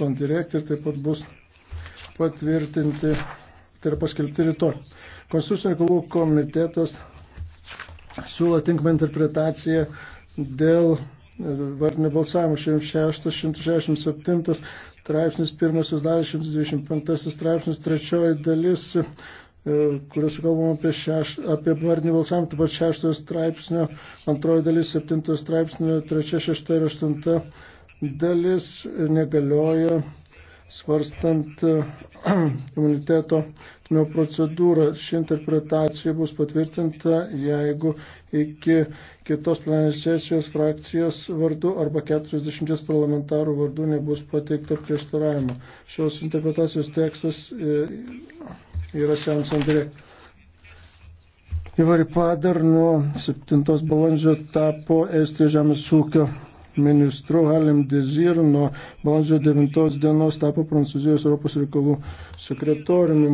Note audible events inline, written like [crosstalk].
on direct ir taip pat bus patvirtinti, tai yra paskelbti rytoj. Konstitucinio reikalų komitetas siūlo tinkamą interpretaciją dėl vardinio balsavimo 167 straipsnis, pirmasis dalis 125 straipsnis, trečioji dalis, e, kuriuos kalbam apie, šeš, apie vardinį balsavimą, taip pat šeštojo straipsnio, antroji dalis, septintojo straipsnio, trečia, šešta ir aštunta dalis negalioja svarstant e, [clears throat] imuniteto procedūrą. Ši interpretacija bus patvirtinta, jeigu iki kitos plenarinės sesijos frakcijos vardu arba 40 parlamentarų vardu nebus pateikta prieštaravimo. Šios interpretacijos tekstas e, yra seans Andrė. Ivari Padar nuo 7 balandžio tapo Estijos žemės ūkio ministru Halem Dezir nuo balandžio 9 dienos tapo Prancūzijos Europos reikalų sekretoriumi.